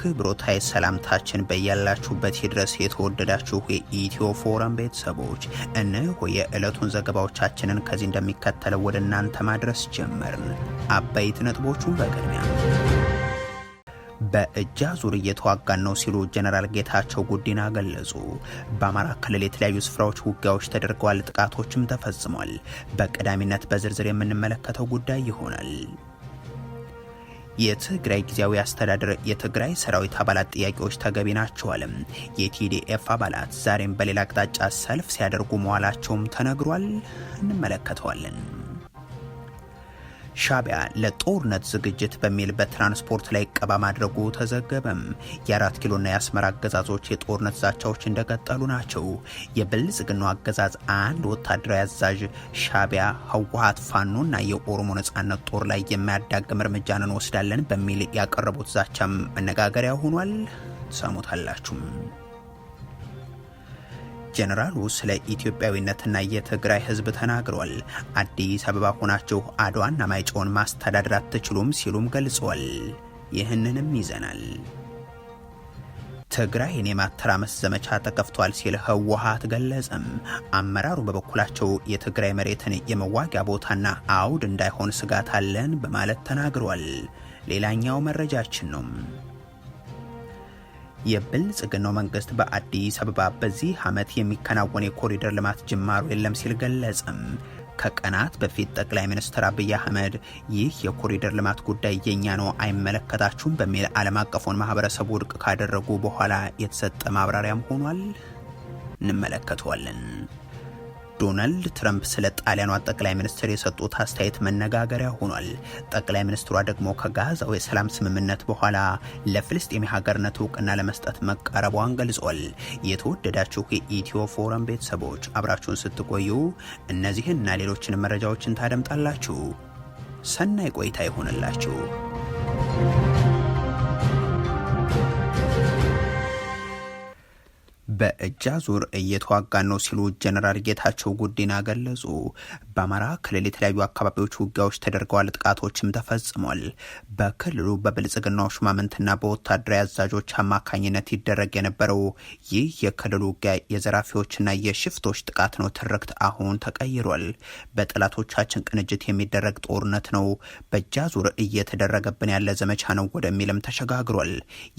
ክብሮታይ ሰላምታችን በያላችሁበት ይድረስ። የተወደዳችሁ የኢትዮ ፎረም ቤተሰቦች እነሆ የዕለቱን ዘገባዎቻችንን ከዚህ እንደሚከተለው ወደ እናንተ ማድረስ ጀመርን። አበይት ነጥቦቹን በቅድሚያ በእጅ አዙር እየተዋጋን ነው ሲሉ ጀነራል ጌታቸው ጉዲና ገለጹ። በአማራ ክልል የተለያዩ ስፍራዎች ውጊያዎች ተደርገዋል፣ ጥቃቶችም ተፈጽሟል። በቀዳሚነት በዝርዝር የምንመለከተው ጉዳይ ይሆናል። የትግራይ ጊዜያዊ አስተዳደር የትግራይ ሰራዊት አባላት ጥያቄዎች ተገቢ ናቸው የቲዲኤፍ አባላት ዛሬም በሌላ አቅጣጫ ሰልፍ ሲያደርጉ መዋላቸውም ተነግሯል። እንመለከተዋለን። ሻቢያ ለጦርነት ዝግጅት በሚል በትራንስፖርት ላይ ቀባ ማድረጉ ተዘገበም። የአራት ኪሎና የአስመራ አገዛዞች የጦርነት ዛቻዎች እንደቀጠሉ ናቸው። የብልጽግናው አገዛዝ አንድ ወታደራዊ አዛዥ ሻቢያ፣ ህወሀት፣ ፋኖና የኦሮሞ ነጻነት ጦር ላይ የማያዳግም እርምጃን እንወስዳለን በሚል ያቀረቡት ዛቻም መነጋገሪያ ሆኗል። ሰሙታላችሁም። ጀነራሉ ስለ ኢትዮጵያዊነትና የትግራይ ህዝብ ተናግረዋል። አዲስ አበባ ሆናችሁ አድዋና ማይጨውን ማስተዳደር አትችሉም ሲሉም ገልጸዋል። ይህንንም ይዘናል። ትግራይን የማተራመስ ዘመቻ ተከፍቷል ሲል ህወሓት ገለጸም። አመራሩ በበኩላቸው የትግራይ መሬትን የመዋጊያ ቦታና አውድ እንዳይሆን ስጋት አለን በማለት ተናግሯል። ሌላኛው መረጃችን ነው። የብልጽግናው መንግስት በአዲስ አበባ በዚህ ዓመት የሚከናወን የኮሪደር ልማት ጅማሮ የለም ሲል ገለጸም። ከቀናት በፊት ጠቅላይ ሚኒስትር አብይ አህመድ ይህ የኮሪደር ልማት ጉዳይ የኛ ነው አይመለከታችሁም በሚል ዓለም አቀፉን ማህበረሰብ ውድቅ ካደረጉ በኋላ የተሰጠ ማብራሪያም ሆኗል። እንመለከተዋለን። ዶናልድ ትራምፕ ስለ ጣሊያኗ ጠቅላይ ሚኒስትር የሰጡት አስተያየት መነጋገሪያ ሆኗል። ጠቅላይ ሚኒስትሯ ደግሞ ከጋዛው የሰላም ስምምነት በኋላ ለፍልስጤም ሀገርነት እውቅና ለመስጠት መቃረቧን ገልጿል። የተወደዳችሁ የኢትዮ ፎረም ቤተሰቦች አብራችሁን ስትቆዩ እነዚህንና ሌሎችን መረጃዎችን ታደምጣላችሁ። ሰናይ ቆይታ ይሆንላችሁ። በእጅ አዙር እየተዋጋን ነው ሲሉ ጀነራል ጌታቸው ጉዲና ገለጹ። በአማራ ክልል የተለያዩ አካባቢዎች ውጊያዎች ተደርገዋል፣ ጥቃቶችም ተፈጽሟል። በክልሉ በብልጽግናው ሹማምንትና በወታደራዊ አዛዦች አማካኝነት ይደረግ የነበረው ይህ የክልሉ ውጊያ የዘራፊዎችና የሽፍቶች ጥቃት ነው ትርክት አሁን ተቀይሯል። በጠላቶቻችን ቅንጅት የሚደረግ ጦርነት ነው፣ በእጅ አዙር እየተደረገብን ያለ ዘመቻ ነው ወደሚልም ተሸጋግሯል።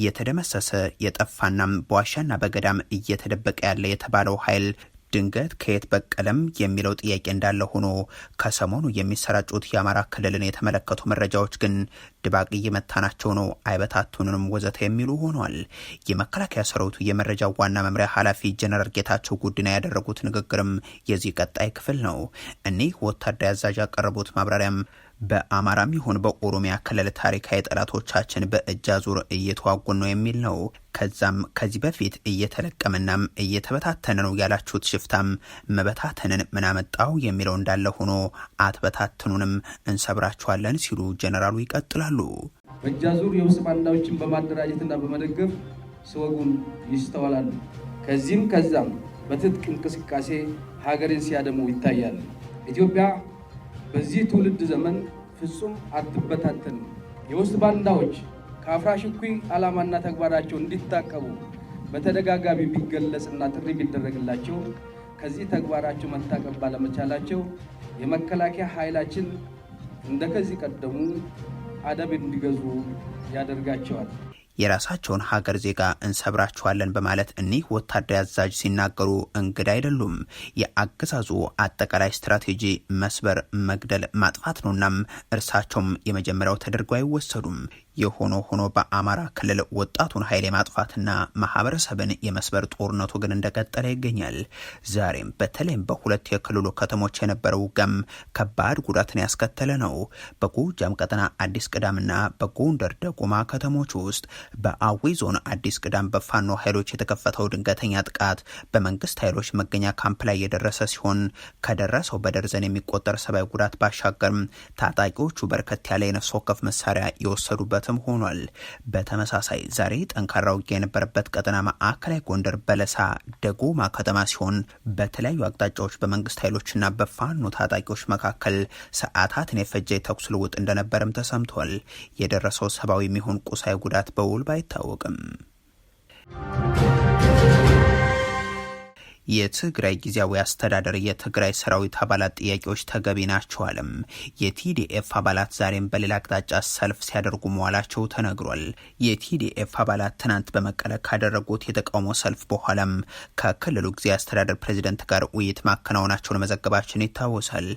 የተደመሰሰ የጠፋናም በዋሻና በገዳም እየ እየተደበቀ ያለ የተባለው ኃይል ድንገት ከየት በቀለም የሚለው ጥያቄ እንዳለ ሆኖ ከሰሞኑ የሚሰራጩት የአማራ ክልልን የተመለከቱ መረጃዎች ግን ድባቅ እየመታናቸው ነው፣ አይበታቱንም ወዘተ የሚሉ ሆኗል። የመከላከያ ሰራዊቱ የመረጃ ዋና መምሪያ ኃላፊ ጀነራል ጌታቸው ጉድና ያደረጉት ንግግርም የዚህ ቀጣይ ክፍል ነው። እኒህ ወታደር አዛዥ ያቀረቡት ማብራሪያም በአማራም ይሁን በኦሮሚያ ክልል ታሪካዊ ጠላቶቻችን በእጅ አዙር እየተዋጉን ነው የሚል ነው። ከዛም ከዚህ በፊት እየተለቀምናም እየተበታተነ ነው ያላችሁት ሽፍታም መበታተንን ምናመጣው የሚለው እንዳለ ሆኖ አትበታትኑንም፣ እንሰብራችኋለን ሲሉ ጀነራሉ ይቀጥላሉ። ይገኛሉ። በእጅ አዙር የውስጥ ባንዳዎችን በማደራጀትና በመደገፍ ሲወጉን ይስተዋላሉ። ከዚህም ከዛም በትጥቅ እንቅስቃሴ ሀገርን ሲያደሙ ይታያል። ኢትዮጵያ በዚህ ትውልድ ዘመን ፍጹም አትበታተን። የውስጥ ባንዳዎች ከአፍራሽ እኩይ ዓላማና ተግባራቸው እንዲታቀቡ በተደጋጋሚ ቢገለጽና ጥሪ ቢደረግላቸው ከዚህ ተግባራቸው መታቀብ ባለመቻላቸው የመከላከያ ኃይላችን እንደ ከዚህ ቀደሙ አደብ እንዲገዙ ያደርጋቸዋል። የራሳቸውን ሀገር ዜጋ እንሰብራችኋለን በማለት እኒህ ወታደር አዛዥ ሲናገሩ እንግዳ አይደሉም። የአገዛዙ አጠቃላይ ስትራቴጂ መስበር፣ መግደል፣ ማጥፋት ነውናም እርሳቸውም የመጀመሪያው ተደርጎ አይወሰዱም። የሆኖ ሆኖ በአማራ ክልል ወጣቱን ኃይል የማጥፋትና ማህበረሰብን የመስበር ጦርነቱ ግን እንደቀጠለ ይገኛል። ዛሬም በተለይም በሁለት የክልሉ ከተሞች የነበረው ገም ከባድ ጉዳትን ያስከተለ ነው። በጎጃም ቀጠና አዲስ ቅዳምና በጎንደር ደጎማ ከተሞች ውስጥ፣ በአዊ ዞን አዲስ ቅዳም በፋኖ ኃይሎች የተከፈተው ድንገተኛ ጥቃት በመንግስት ኃይሎች መገኛ ካምፕ ላይ የደረሰ ሲሆን ከደረሰው በደርዘን የሚቆጠር ሰብአዊ ጉዳት ባሻገርም ታጣቂዎቹ በርከት ያለ የነፍስ ወከፍ መሳሪያ የወሰዱበት ትኩረትም ሆኗል። በተመሳሳይ ዛሬ ጠንካራ ውጊያ የነበረበት ቀጠና ማዕከላዊ ጎንደር በለሳ ደጎማ ከተማ ሲሆን በተለያዩ አቅጣጫዎች በመንግስት ኃይሎችና በፋኖ ታጣቂዎች መካከል ሰዓታትን የፈጀ የተኩስ ልውጥ እንደነበርም ተሰምቷል። የደረሰው ሰብአዊ የሚሆን ቁሳዊ ጉዳት በውል ባይታወቅም የትግራይ ጊዜያዊ አስተዳደር የትግራይ ሰራዊት አባላት ጥያቄዎች ተገቢ ናቸው አለም። የቲዲኤፍ አባላት ዛሬም በሌላ አቅጣጫ ሰልፍ ሲያደርጉ መዋላቸው ተነግሯል። የቲዲኤፍ አባላት ትናንት በመቀለ ካደረጉት የተቃውሞ ሰልፍ በኋላም ከክልሉ ጊዜያዊ አስተዳደር ፕሬዚደንት ጋር ውይይት ማከናወናቸውን መዘገባችን ይታወሳል።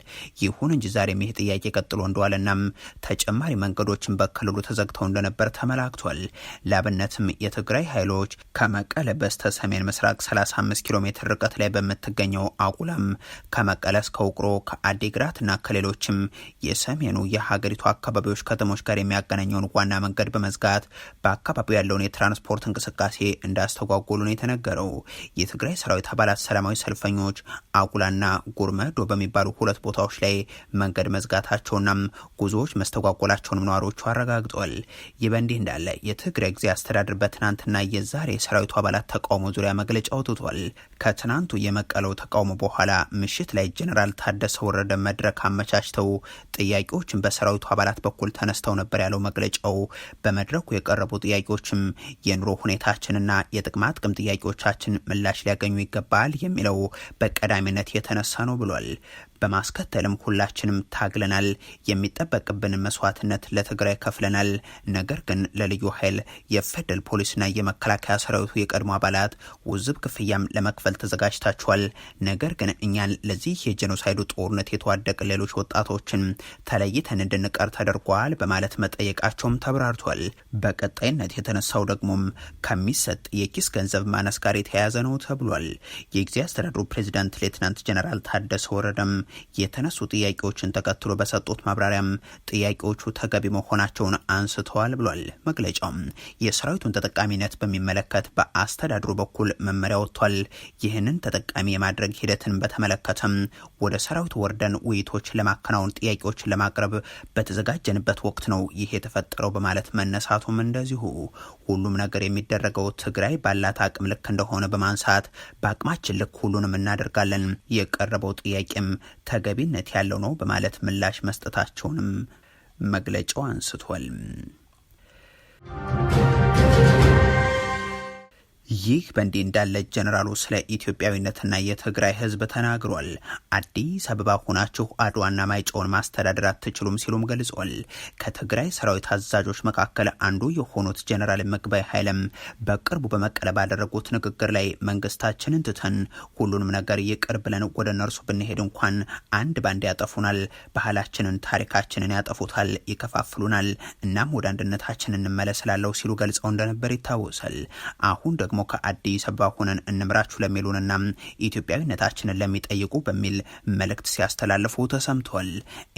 ይሁን እንጂ ዛሬም ይህ ጥያቄ ቀጥሎ እንደዋለናም ተጨማሪ መንገዶችን በክልሉ ተዘግተው እንደነበር ተመላክቷል። ለአብነትም የትግራይ ኃይሎች ከመቀለ በስተ ሰሜን ምስራቅ 35 ኪሎ ሜትር ርቀት ላይ በምትገኘው አቁላም ከመቀለ እስከ ውቅሮ ከአዲግራትና ከሌሎችም የሰሜኑ የሀገሪቱ አካባቢዎች ከተሞች ጋር የሚያገናኘውን ዋና መንገድ በመዝጋት በአካባቢው ያለውን የትራንስፖርት እንቅስቃሴ እንዳስተጓጎሉ ነው የተነገረው። የትግራይ ሰራዊት አባላት ሰላማዊ ሰልፈኞች አቁላና ጉርመዶ በሚባሉ ሁለት ቦታዎች ላይ መንገድ መዝጋታቸውና ጉዞዎች መስተጓጎላቸውንም ነዋሪዎቹ አረጋግጧል። ይህ በእንዲህ እንዳለ የትግራይ ጊዜ አስተዳደር በትናንትና የዛሬ የሰራዊቱ አባላት ተቃውሞ ዙሪያ መግለጫ አውጥቷል። ከትናንቱ የመቀለው ተቃውሞ በኋላ ምሽት ላይ ጀኔራል ታደሰ ወረደ መድረክ አመቻችተው ጥያቄዎችን በሰራዊቱ አባላት በኩል ተነስተው ነበር ያለው መግለጫው። በመድረኩ የቀረቡ ጥያቄዎችም የኑሮ ሁኔታችንና የጥቅማ ጥቅም ጥያቄዎቻችን ምላሽ ሊያገኙ ይገባል የሚለው በቀዳሚነት የተነሳ ነው ብሏል። በማስከተልም ሁላችንም ታግለናል። የሚጠበቅብን መስዋዕትነት ለትግራይ ከፍለናል። ነገር ግን ለልዩ ኃይል የፌደራል ፖሊስና የመከላከያ ሰራዊቱ የቀድሞ አባላት ውዝብ ክፍያም ለመክፈል ተዘጋጅታችኋል። ነገር ግን እኛን ለዚህ የጀኖሳይዱ ጦርነት የተዋደቅ ሌሎች ወጣቶችን ተለይተን እንድንቀር ተደርጓል በማለት መጠየቃቸውም ተብራርቷል። በቀጣይነት የተነሳው ደግሞም ከሚሰጥ የኪስ ገንዘብ ማነስ ጋር የተያያዘ ነው ተብሏል። የጊዜ አስተዳደሩ ፕሬዚዳንት ሌትናንት ጀነራል ታደሰ ወረደም የተነሱ ጥያቄዎችን ተከትሎ በሰጡት ማብራሪያም ጥያቄዎቹ ተገቢ መሆናቸውን አንስተዋል ብሏል መግለጫው። የሰራዊቱን ተጠቃሚነት በሚመለከት በአስተዳድሩ በኩል መመሪያ ወጥቷል። ይህንን ተጠቃሚ የማድረግ ሂደትን በተመለከተም ወደ ሰራዊቱ ወርደን ውይይቶች ለማከናወን ጥያቄዎችን ለማቅረብ በተዘጋጀንበት ወቅት ነው ይህ የተፈጠረው በማለት መነሳቱም እንደዚሁ ሁሉም ነገር የሚደረገው ትግራይ ባላት አቅም ልክ እንደሆነ በማንሳት በአቅማችን ልክ ሁሉንም እናደርጋለን። የቀረበው ጥያቄም ተገቢነት ያለው ነው በማለት ምላሽ መስጠታቸውንም መግለጫው አንስቷል። ይህ በእንዲህ እንዳለ ጀኔራሉ ስለ ኢትዮጵያዊነትና የትግራይ ህዝብ ተናግሯል። አዲስ አበባ ሆናችሁ አድዋና ማይጨውን ማስተዳደር አትችሉም ሲሉም ገልጿል። ከትግራይ ሰራዊት አዛዦች መካከል አንዱ የሆኑት ጀኔራል ምግባይ ኃይለም በቅርቡ በመቀለ ባደረጉት ንግግር ላይ መንግስታችንን ትተን ሁሉንም ነገር ይቅር ብለን ወደ እነርሱ ብንሄድ እንኳን አንድ ባንድ ያጠፉናል፣ ባህላችንን፣ ታሪካችንን ያጠፉታል፣ ይከፋፍሉናል። እናም ወደ አንድነታችን እንመለስላለው ሲሉ ገልጸው እንደነበር ይታወሳል። አሁን ደግሞ ከአዲስ አበባ ሆነን እንምራችሁ ለሚሉንና ኢትዮጵያዊነታችንን ለሚጠይቁ በሚል መልእክት ሲያስተላልፉ ተሰምቷል።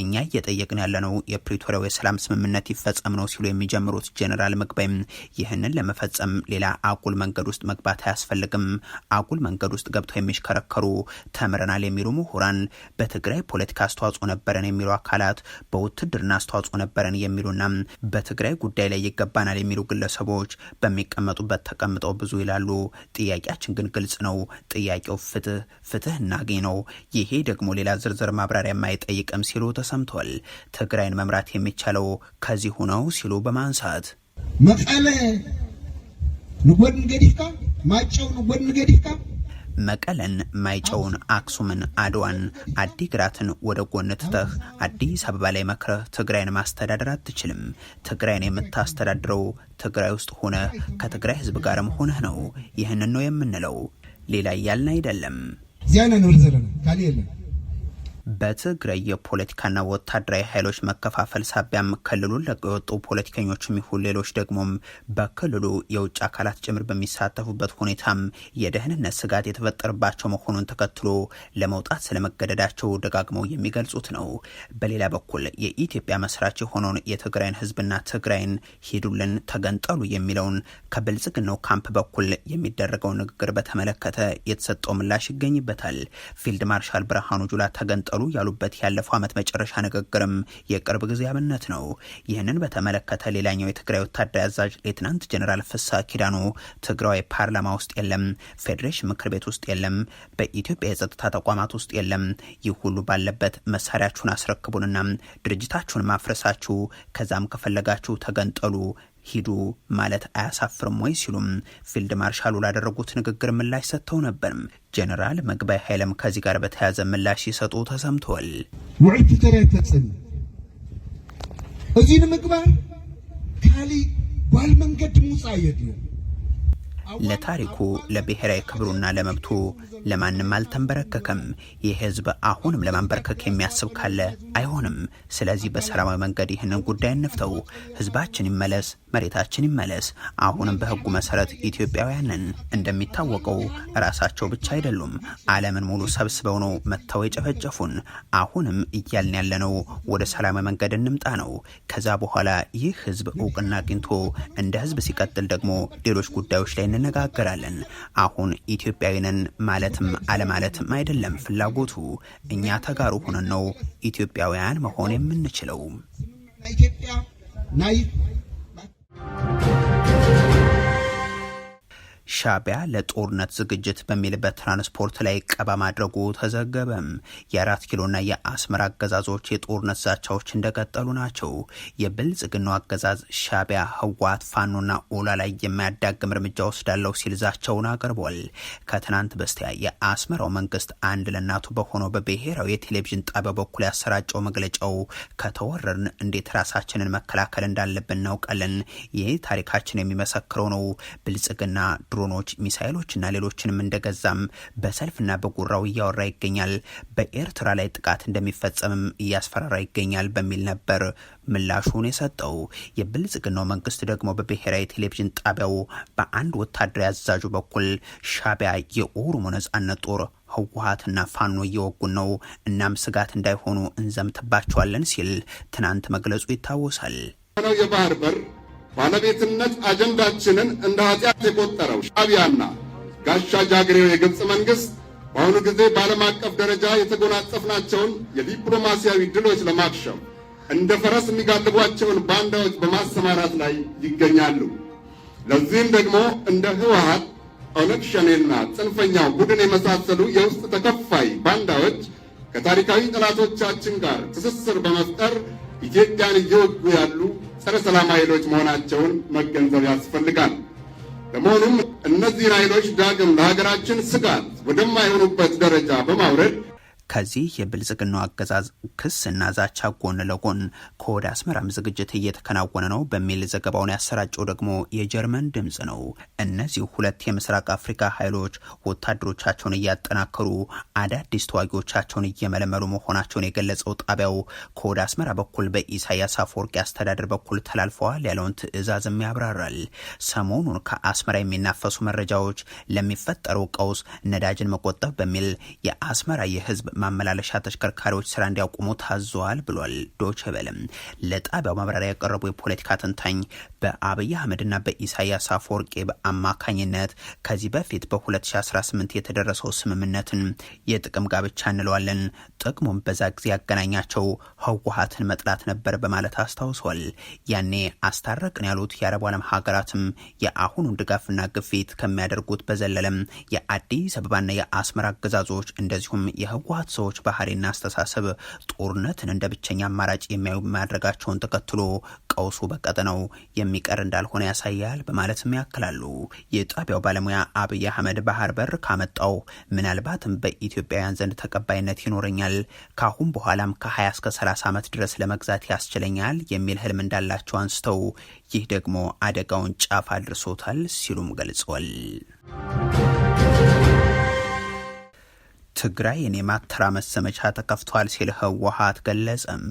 እኛ እየጠየቅን ያለነው የፕሪቶሪያው የሰላም ስምምነት ይፈጸም ነው ሲሉ የሚጀምሩት ጄኔራል ምግባይም ይህንን ለመፈጸም ሌላ አጉል መንገድ ውስጥ መግባት አያስፈልግም፣ አጉል መንገድ ውስጥ ገብተው የሚሽከረከሩ ተምረናል የሚሉ ምሁራን፣ በትግራይ ፖለቲካ አስተዋጽኦ ነበረን የሚሉ አካላት፣ በውትድርና አስተዋጽኦ ነበረን የሚሉና በትግራይ ጉዳይ ላይ ይገባናል የሚሉ ግለሰቦች በሚቀመጡበት ተቀምጠው ብዙ ይላሉ። ጥያቄያችን ግን ግልጽ ነው። ጥያቄው ፍትህ ፍትህ እናገኝ ነው። ይሄ ደግሞ ሌላ ዝርዝር ማብራሪያ የማይጠይቅም ሲሉ ተሰምቷል። ትግራይን መምራት የሚቻለው ከዚሁ ነው ሲሉ በማንሳት መቀለ ንጎድ ንገዲፍካ ማጨው ንጎድ ንገዲፍካ መቀለን፣ ማይጨውን፣ አክሱምን፣ አድዋን፣ አዲግራትን ወደ ጎን ትተህ አዲስ አበባ ላይ መክረህ ትግራይን ማስተዳደር አትችልም። ትግራይን የምታስተዳድረው ትግራይ ውስጥ ሆነህ ከትግራይ ህዝብ ጋርም ሆነህ ነው። ይህንን ነው የምንለው፣ ሌላ እያልን አይደለም። እዚያ ነው ካል የለን በትግራይ የፖለቲካና ወታደራዊ ኃይሎች መከፋፈል ሳቢያም ክልሉን ለቀው የወጡ ፖለቲከኞችም ይሁን ሌሎች ደግሞም በክልሉ የውጭ አካላት ጭምር በሚሳተፉበት ሁኔታም የደህንነት ስጋት የተፈጠረባቸው መሆኑን ተከትሎ ለመውጣት ስለመገደዳቸው ደጋግመው የሚገልጹት ነው። በሌላ በኩል የኢትዮጵያ መስራች የሆነውን የትግራይን ህዝብና ትግራይን ሂዱልን ተገንጠሉ የሚለውን ከብልጽግናው ካምፕ በኩል የሚደረገው ንግግር በተመለከተ የተሰጠው ምላሽ ይገኝበታል። ፊልድ ማርሻል ብርሃኑ ጁላ ተገንጠሉ ተቀላቀሉ ያሉበት ያለፈው ዓመት መጨረሻ ንግግርም የቅርብ ጊዜ አብነት ነው። ይህንን በተመለከተ ሌላኛው የትግራይ ወታደራዊ አዛዥ ሌትናንት ጀኔራል ፍሳ ኪዳኑ ትግራዊ ፓርላማ ውስጥ የለም፣ ፌዴሬሽን ምክር ቤት ውስጥ የለም፣ በኢትዮጵያ የጸጥታ ተቋማት ውስጥ የለም። ይህ ሁሉ ባለበት መሳሪያችሁን አስረክቡንና ድርጅታችሁን ማፍረሳችሁ ከዛም ከፈለጋችሁ ተገንጠሉ ሂዱ ማለት አያሳፍርም ወይ ሲሉም ፊልድ ማርሻሉ ላደረጉት ንግግር ምላሽ ሰጥተው ነበር። ጀነራል መግባይ ኃይለም ከዚህ ጋር በተያያዘ ምላሽ ሲሰጡ ተሰምተዋል። ውዒ ትግራይ ተፅን እዚህ ንምግባር ካሊ ባል መንገድ ምውፃ የድዩ ለታሪኩ ለብሔራዊ ክብሩና ለመብቱ ለማንም አልተንበረከከም። ይህ ህዝብ አሁንም ለማንበርከክ የሚያስብ ካለ አይሆንም። ስለዚህ በሰላማዊ መንገድ ይህንን ጉዳይ እንፍተው። ህዝባችን ይመለስ፣ መሬታችን ይመለስ። አሁንም በህጉ መሰረት ኢትዮጵያውያንን እንደሚታወቀው ራሳቸው ብቻ አይደሉም፣ ዓለምን ሙሉ ሰብስበው ነው መጥተው የጨፈጨፉን። አሁንም እያልን ያለነው ወደ ሰላማዊ መንገድ እንምጣ ነው። ከዛ በኋላ ይህ ህዝብ እውቅና አግኝቶ እንደ ህዝብ ሲቀጥል ደግሞ ሌሎች ጉዳዮች ላይ እንነጋገራለን። አሁን ኢትዮጵያዊንን ማለትም አለማለትም አይደለም ፍላጎቱ። እኛ ተጋሩ ሆነን ነው ኢትዮጵያውያን መሆን የምንችለው። ሻቢያ ለጦርነት ዝግጅት በሚል በትራንስፖርት ላይ ቀባ ማድረጉ ተዘገበም። የአራት ኪሎና የአስመራ አገዛዞች የጦርነት ዛቻዎች እንደቀጠሉ ናቸው። የብልጽግናው አገዛዝ ሻቢያ፣ ህወሓት፣ ፋኖና ኦላ ላይ የሚያዳግም እርምጃ ወስዳለው ሲል ዛቸውን አቅርቧል። ከትናንት በስቲያ የአስመራው መንግስት አንድ ለእናቱ በሆነው በብሔራዊ የቴሌቪዥን ጣቢያ በኩል ያሰራጨው መግለጫው ከተወረርን እንዴት ራሳችንን መከላከል እንዳለብን እናውቃለን። ይህ ታሪካችን የሚመሰክረው ነው ብልጽግና ድሮኖች፣ ሚሳይሎችና ሌሎችንም እንደገዛም በሰልፍና በጉራው እያወራ ይገኛል። በኤርትራ ላይ ጥቃት እንደሚፈጸምም እያስፈራራ ይገኛል በሚል ነበር ምላሹን የሰጠው። የብልጽግናው መንግስት ደግሞ በብሔራዊ ቴሌቪዥን ጣቢያው በአንድ ወታደራዊ አዛዡ በኩል ሻቢያ የኦሮሞ ነጻነት ጦር ህወሀትና ፋኖ እየወጉን ነው፣ እናም ስጋት እንዳይሆኑ እንዘምትባቸዋለን ሲል ትናንት መግለጹ ይታወሳል። የባህር በር ባለቤትነት አጀንዳችንን እንደ ኃጢአት የቆጠረው ሻቢያና ጋሻ ጃግሬው የግብፅ መንግሥት በአሁኑ ጊዜ በዓለም አቀፍ ደረጃ የተጎናጸፍናቸውን የዲፕሎማሲያዊ ድሎች ለማክሸም እንደ ፈረስ የሚጋልቧቸውን ባንዳዎች በማሰማራት ላይ ይገኛሉ። ለዚህም ደግሞ እንደ ህወሓት፣ ኦነግ ሸኔና ጽንፈኛው ቡድን የመሳሰሉ የውስጥ ተከፋይ ባንዳዎች ከታሪካዊ ጠላቶቻችን ጋር ትስስር በመፍጠር ኢትዮጵያን እየወጉ ያሉ ጸረ ሰላም ኃይሎች መሆናቸውን መገንዘብ ያስፈልጋል። በመሆኑም እነዚህን ኃይሎች ዳግም ለሀገራችን ስጋት ወደማይሆኑበት ደረጃ በማውረድ ከዚህ የብልጽግናው አገዛዝ እና ዛቻ ጎን ለጎን ከወደ አስመራም ዝግጅት እየተከናወነ ነው በሚል ዘገባውን ያሰራጨው ደግሞ የጀርመን ድምፅ ነው። እነዚህ ሁለት የምስራቅ አፍሪካ ኃይሎች ወታደሮቻቸውን እያጠናከሩ አዳዲስ ተዋጊዎቻቸውን እየመለመሉ መሆናቸውን የገለጸው ጣቢያው ከወደ አስመራ በኩል በኢሳያስ አፈወርቂ አስተዳደር በኩል ተላልፈዋል ያለውን ትዕዛዝም ያብራራል። ሰሞኑን ከአስመራ የሚናፈሱ መረጃዎች ለሚፈጠረው ቀውስ ነዳጅን መቆጠብ በሚል የአስመራ የህዝብ ማመላለሻ ተሽከርካሪዎች ስራ እንዲያቆሙ ታዘዋል ብሏል። ዶች ለጣቢያው ማብራሪያ ያቀረቡ የፖለቲካ ተንታኝ በአብይ አህመድና በኢሳያስ አፈወርቄ በአማካኝነት ከዚህ በፊት በ2018 የተደረሰው ስምምነትን የጥቅም ጋብቻ እንለዋለን፣ ጥቅሙም በዛ ጊዜ ያገናኛቸው ህወሀትን መጥላት ነበር በማለት አስታውሷል። ያኔ አስታረቅን ያሉት የአረቡ ዓለም ሀገራትም የአሁኑን ድጋፍና ግፊት ከሚያደርጉት በዘለለም የአዲስ አበባና የአስመራ አገዛዞች እንደዚሁም የህወሀት የህወሓት ሰዎች ባህሪና አስተሳሰብ ጦርነትን እንደ ብቸኛ አማራጭ የሚያዩ ማድረጋቸውን ተከትሎ ቀውሱ በቀጠናው የሚቀር እንዳልሆነ ያሳያል በማለትም ያክላሉ። የጣቢያው ባለሙያ አብይ አህመድ ባህር በር ካመጣው ምናልባትም በኢትዮጵያውያን ዘንድ ተቀባይነት ይኖረኛል፣ ካሁን በኋላም ከ20 እስከ 30 ዓመት ድረስ ለመግዛት ያስችለኛል የሚል ህልም እንዳላቸው አንስተው ይህ ደግሞ አደጋውን ጫፍ አድርሶታል ሲሉም ገልጿል። ትግራይን የማተራመስ ዘመቻ ተከፍቷል ሲል ህወሀት ገለጸም።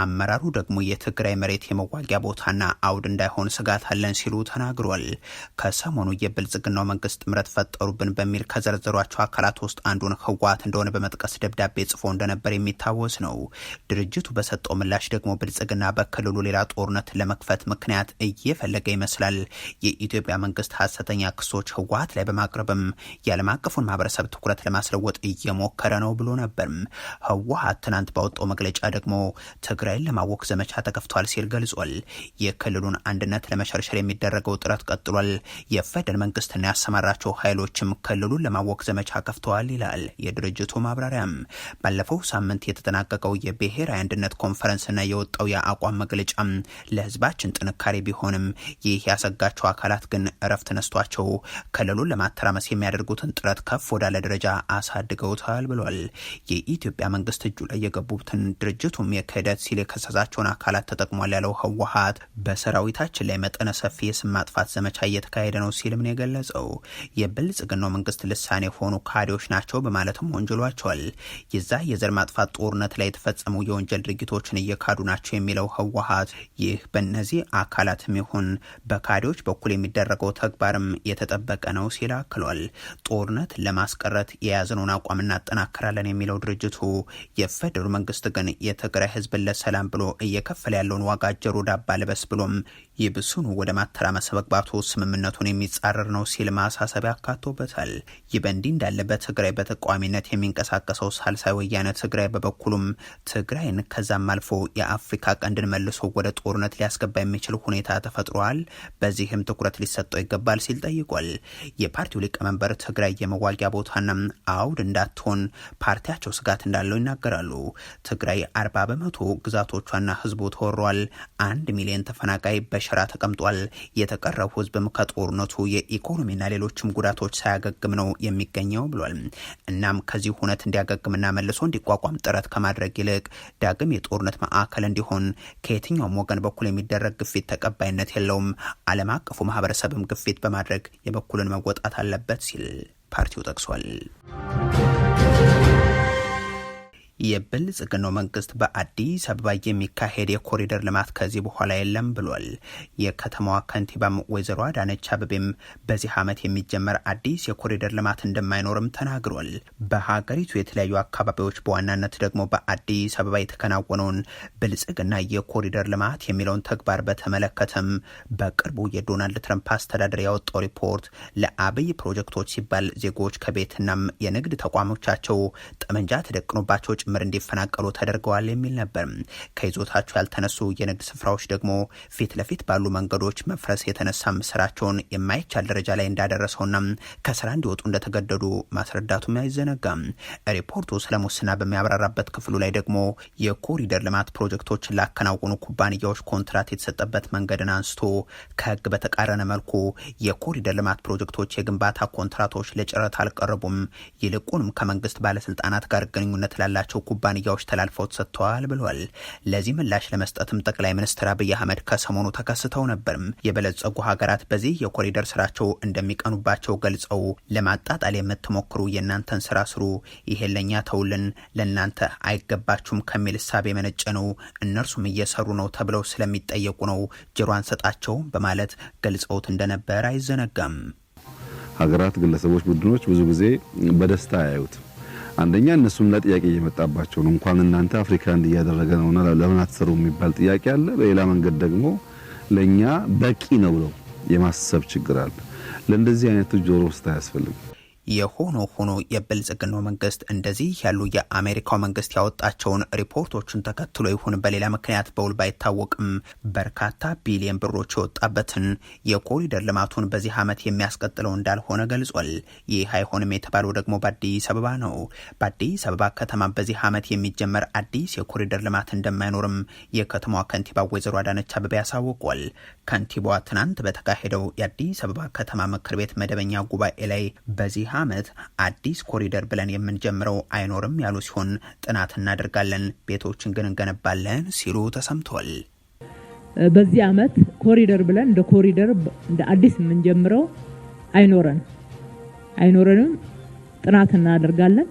አመራሩ ደግሞ የትግራይ መሬት የመዋጊያ ቦታና አውድ እንዳይሆን ስጋት አለን ሲሉ ተናግሯል። ከሰሞኑ የብልጽግናው መንግስት ጥምረት ፈጠሩብን በሚል ከዘረዘሯቸው አካላት ውስጥ አንዱን ህወሀት እንደሆነ በመጥቀስ ደብዳቤ ጽፎ እንደነበር የሚታወስ ነው። ድርጅቱ በሰጠው ምላሽ ደግሞ ብልጽግና በክልሉ ሌላ ጦርነት ለመክፈት ምክንያት እየፈለገ ይመስላል። የኢትዮጵያ መንግስት ሀሰተኛ ክሶች ህወሀት ላይ በማቅረብም የዓለም አቀፉን ማህበረሰብ ትኩረት ለማስለወጥ የሞከረ ነው ብሎ ነበርም። ህወሓት ትናንት ባወጣው መግለጫ ደግሞ ትግራይን ለማወክ ዘመቻ ተከፍቷል ሲል ገልጿል። የክልሉን አንድነት ለመሸርሸር የሚደረገው ጥረት ቀጥሏል። የፌደራል መንግስትና ያሰማራቸው ኃይሎችም ክልሉን ለማወክ ዘመቻ ከፍተዋል ይላል የድርጅቱ ማብራሪያም። ባለፈው ሳምንት የተጠናቀቀው የብሔራዊ አንድነት ኮንፈረንስና የወጣው የአቋም መግለጫ ለህዝባችን ጥንካሬ ቢሆንም ይህ ያሰጋቸው አካላት ግን እረፍት ነስቷቸው ክልሉን ለማተራመስ የሚያደርጉትን ጥረት ከፍ ወዳለ ደረጃ አሳድገው አድርገውታል ብሏል። የኢትዮጵያ መንግስት እጁ ላይ የገቡትን ድርጅቱም የክህደት ሲል የከሰሳቸውን አካላት ተጠቅሟል ያለው ህወሀት በሰራዊታችን ላይ መጠነ ሰፊ የስም ማጥፋት ዘመቻ እየተካሄደ ነው ሲልም ነው የገለጸው። የብልጽግናው መንግስት ልሳኔ የሆኑ ካድሬዎች ናቸው በማለትም ወንጀሏቸዋል። የዛ የዘር ማጥፋት ጦርነት ላይ የተፈጸሙ የወንጀል ድርጊቶችን እየካዱ ናቸው የሚለው ህወሀት ይህ በእነዚህ አካላትም ይሁን በካድሬዎች በኩል የሚደረገው ተግባርም የተጠበቀ ነው ሲል አክሏል። ጦርነት ለማስቀረት የያዝነውን አቋም እናጠናክራለን የሚለው ድርጅቱ የፌዴራል መንግስት ግን የትግራይ ህዝብን ለሰላም ብሎ እየከፈለ ያለውን ዋጋ ጆሮ ዳባ ልበስ ብሎም ይብሱኑ ወደ ማተራመስ መግባቱ ስምምነቱን የሚጻረር ነው ሲል ማሳሰቢያ አካቶበታል። ይህ በእንዲህ እንዳለ በትግራይ በተቃዋሚነት የሚንቀሳቀሰው ሳልሳይ ወያነ ትግራይ በበኩሉም ትግራይን ከዛም አልፎ የአፍሪካ ቀንድን መልሶ ወደ ጦርነት ሊያስገባ የሚችል ሁኔታ ተፈጥሯል፣ በዚህም ትኩረት ሊሰጠው ይገባል ሲል ጠይቋል። የፓርቲው ሊቀመንበር ትግራይ የመዋጊያ ቦታና አውድ እንዳ እንዳትሆን ፓርቲያቸው ስጋት እንዳለው ይናገራሉ። ትግራይ አርባ በመቶ ግዛቶቿና ህዝቡ ተወሯል። አንድ ሚሊዮን ተፈናቃይ በሸራ ተቀምጧል። የተቀረው ህዝብም ከጦርነቱ የኢኮኖሚና ሌሎችም ጉዳቶች ሳያገግም ነው የሚገኘው ብሏል። እናም ከዚህ ሁነት እንዲያገግምና መልሶ እንዲቋቋም ጥረት ከማድረግ ይልቅ ዳግም የጦርነት ማዕከል እንዲሆን ከየትኛውም ወገን በኩል የሚደረግ ግፊት ተቀባይነት የለውም። ዓለም አቀፉ ማህበረሰብም ግፊት በማድረግ የበኩልን መወጣት አለበት ሲል ፓርቲው ጠቅሷል። Thank you. የብልጽግናው መንግስት በአዲስ አበባ የሚካሄድ የኮሪደር ልማት ከዚህ በኋላ የለም ብሏል። የከተማዋ ከንቲባም ወይዘሮ አዳነች አበቤም በዚህ ዓመት የሚጀመር አዲስ የኮሪደር ልማት እንደማይኖርም ተናግሯል። በሀገሪቱ የተለያዩ አካባቢዎች በዋናነት ደግሞ በአዲስ አበባ የተከናወነውን ብልጽግና የኮሪደር ልማት የሚለውን ተግባር በተመለከተም በቅርቡ የዶናልድ ትራምፕ አስተዳደር ያወጣው ሪፖርት ለአብይ ፕሮጀክቶች ሲባል ዜጎች ከቤትናም የንግድ ተቋሞቻቸው ጠመንጃ ተደቅኖባቸው ጭምር እንዲፈናቀሉ ተደርገዋል የሚል ነበር። ከይዞታቸው ያልተነሱ የንግድ ስፍራዎች ደግሞ ፊት ለፊት ባሉ መንገዶች መፍረስ የተነሳም ስራቸውን የማይቻል ደረጃ ላይ እንዳደረሰውና ከስራ እንዲወጡ እንደተገደዱ ማስረዳቱም አይዘነጋም። ሪፖርቱ ስለ ሙስና በሚያብራራበት ክፍሉ ላይ ደግሞ የኮሪደር ልማት ፕሮጀክቶች ላከናወኑ ኩባንያዎች ኮንትራት የተሰጠበት መንገድን አንስቶ ከህግ በተቃረነ መልኩ የኮሪደር ልማት ፕሮጀክቶች የግንባታ ኮንትራቶች ለጨረታ አልቀረቡም፣ ይልቁንም ከመንግስት ባለስልጣናት ጋር ግንኙነት ላላቸው ኩባንያዎች ተላልፈው ተሰጥተዋል ብሏል። ለዚህ ምላሽ ለመስጠትም ጠቅላይ ሚኒስትር አብይ አህመድ ከሰሞኑ ተከስተው ነበርም። የበለጸጉ ሀገራት በዚህ የኮሪደር ስራቸው እንደሚቀኑባቸው ገልጸው ለማጣጣል የምትሞክሩ የእናንተን ስራ ስሩ፣ ይሄ ለእኛ ተውልን፣ ለእናንተ አይገባችሁም ከሚል እሳቤ የመነጨ ነው። እነርሱም እየሰሩ ነው ተብለው ስለሚጠየቁ ነው ጆሮ አንሰጣቸው በማለት ገልጸውት እንደነበር አይዘነጋም። ሀገራት፣ ግለሰቦች፣ ቡድኖች ብዙ ጊዜ በደስታ አያዩት አንደኛ እነሱም ላይ ጥያቄ እየመጣባቸው ነው። እንኳን እናንተ አፍሪካ እንዲህ እያደረገ ነውና ለምን አትሰሩ የሚባል ጥያቄ አለ። በሌላ መንገድ ደግሞ ለኛ በቂ ነው ብለው የማሰብ ችግር አለ። ለእንደዚህ አይነቱ ጆሮ ውስጥ አያስፈልግም። የሆኖ ሆኖ የብልጽግናው መንግስት እንደዚህ ያሉ የአሜሪካው መንግስት ያወጣቸውን ሪፖርቶችን ተከትሎ ይሁን በሌላ ምክንያት በውል ባይታወቅም በርካታ ቢሊየን ብሮች የወጣበትን የኮሪደር ልማቱን በዚህ ዓመት የሚያስቀጥለው እንዳልሆነ ገልጿል። ይህ አይሆንም የተባለው ደግሞ በአዲስ አበባ ነው። በአዲስ አበባ ከተማ በዚህ ዓመት የሚጀመር አዲስ የኮሪደር ልማት እንደማይኖርም የከተማዋ ከንቲባ ወይዘሮ አዳነች አበቤ ያሳውቋል። ከንቲባዋ ትናንት በተካሄደው የአዲስ አበባ ከተማ ምክር ቤት መደበኛ ጉባኤ ላይ በዚህ ዓመት አዲስ ኮሪደር ብለን የምንጀምረው አይኖርም ያሉ ሲሆን ጥናት እናደርጋለን፣ ቤቶችን ግን እንገነባለን ሲሉ ተሰምቷል። በዚህ ዓመት ኮሪደር ብለን እንደ ኮሪደር እንደ አዲስ የምንጀምረው አይኖረን አይኖረንም፣ ጥናት እናደርጋለን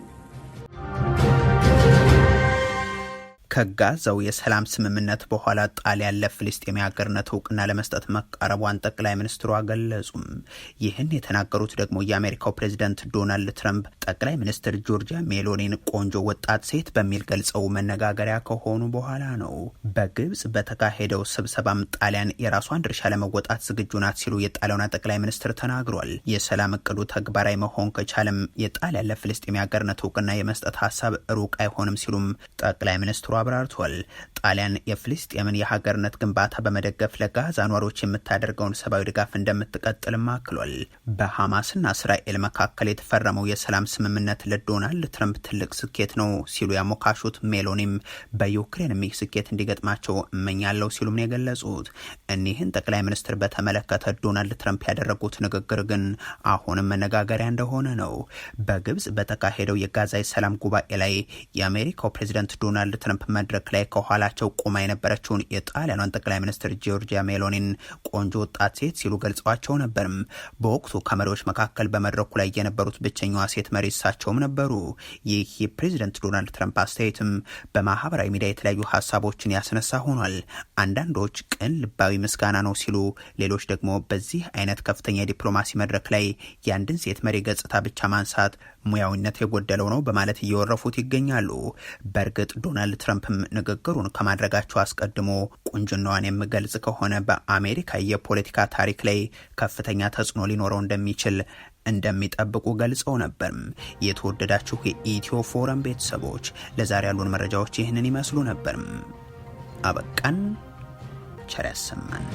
ከጋዛው የሰላም ስምምነት በኋላ ጣሊያን ለፍልስጤም የሀገርነት እውቅና ለመስጠት መቃረቧን ጠቅላይ ሚኒስትሩ አገለጹም። ይህን የተናገሩት ደግሞ የአሜሪካው ፕሬዚደንት ዶናልድ ትራምፕ ጠቅላይ ሚኒስትር ጆርጂያ ሜሎኒን ቆንጆ ወጣት ሴት በሚል ገልጸው መነጋገሪያ ከሆኑ በኋላ ነው። በግብጽ በተካሄደው ስብሰባም ጣሊያን የራሷን ድርሻ ለመወጣት ዝግጁ ናት ሲሉ የጣሊያኗ ጠቅላይ ሚኒስትር ተናግሯል። የሰላም እቅዱ ተግባራዊ መሆን ከቻለም የጣሊያን ለፍልስጤም የሀገርነት እውቅና የመስጠት ሀሳብ ሩቅ አይሆንም ሲሉም ጠቅላይ ሚኒስትሩ አብራርቷል። ጣሊያን የፍልስጤምን የሀገርነት ግንባታ በመደገፍ ለጋዛ ኗሪዎች የምታደርገውን ሰብአዊ ድጋፍ እንደምትቀጥልም አክሏል። በሐማስና እስራኤል መካከል የተፈረመው የሰላም ስምምነት ለዶናልድ ትረምፕ ትልቅ ስኬት ነው ሲሉ ያሞካሹት ሜሎኒም በዩክሬን ይህ ስኬት እንዲገጥማቸው እመኛለሁ ሲሉም ነው የገለጹት። እኒህን ጠቅላይ ሚኒስትር በተመለከተ ዶናልድ ትረምፕ ያደረጉት ንግግር ግን አሁንም መነጋገሪያ እንደሆነ ነው። በግብጽ በተካሄደው የጋዛ የሰላም ጉባኤ ላይ የአሜሪካው ፕሬዚደንት ዶናልድ ትረምፕ መድረክ ላይ ከኋላቸው ቆማ የነበረችውን የጣሊያኗን ጠቅላይ ሚኒስትር ጂዮርጂያ ሜሎኒን ቆንጆ ወጣት ሴት ሲሉ ገልጸዋቸው ነበርም። በወቅቱ ከመሪዎች መካከል በመድረኩ ላይ የነበሩት ብቸኛዋ ሴት መሪ እሳቸውም ነበሩ። ይህ የፕሬዚደንት ዶናልድ ትራምፕ አስተያየትም በማህበራዊ ሚዲያ የተለያዩ ሀሳቦችን ያስነሳ ሆኗል። አንዳንዶች ቅን ልባዊ ምስጋና ነው ሲሉ፣ ሌሎች ደግሞ በዚህ አይነት ከፍተኛ የዲፕሎማሲ መድረክ ላይ የአንድን ሴት መሪ ገጽታ ብቻ ማንሳት ሙያዊነት የጎደለው ነው በማለት እየወረፉት ይገኛሉ። በእርግጥ ዶናልድ ትራምፕ ትራምፕም ንግግሩን ከማድረጋቸው አስቀድሞ ቁንጅናዋን የምገልጽ ከሆነ በአሜሪካ የፖለቲካ ታሪክ ላይ ከፍተኛ ተጽዕኖ ሊኖረው እንደሚችል እንደሚጠብቁ ገልጸው ነበርም። የተወደዳችሁ የኢትዮ ፎረም ቤተሰቦች ለዛሬ ያሉን መረጃዎች ይህንን ይመስሉ ነበርም። አበቃን። ቸር ያሰማን።